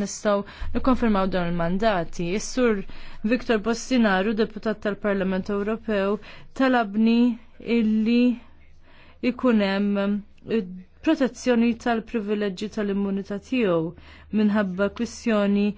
nistgħu nikkonfermaw dawn il-mandati. Is-sur Viktor Bostinaru, deputat tal-Parlament Ewropew, talabni illi ikun hemm eh, protezzjoni tal-privileġġi tal-immunità tiegħu minħabba kwistjoni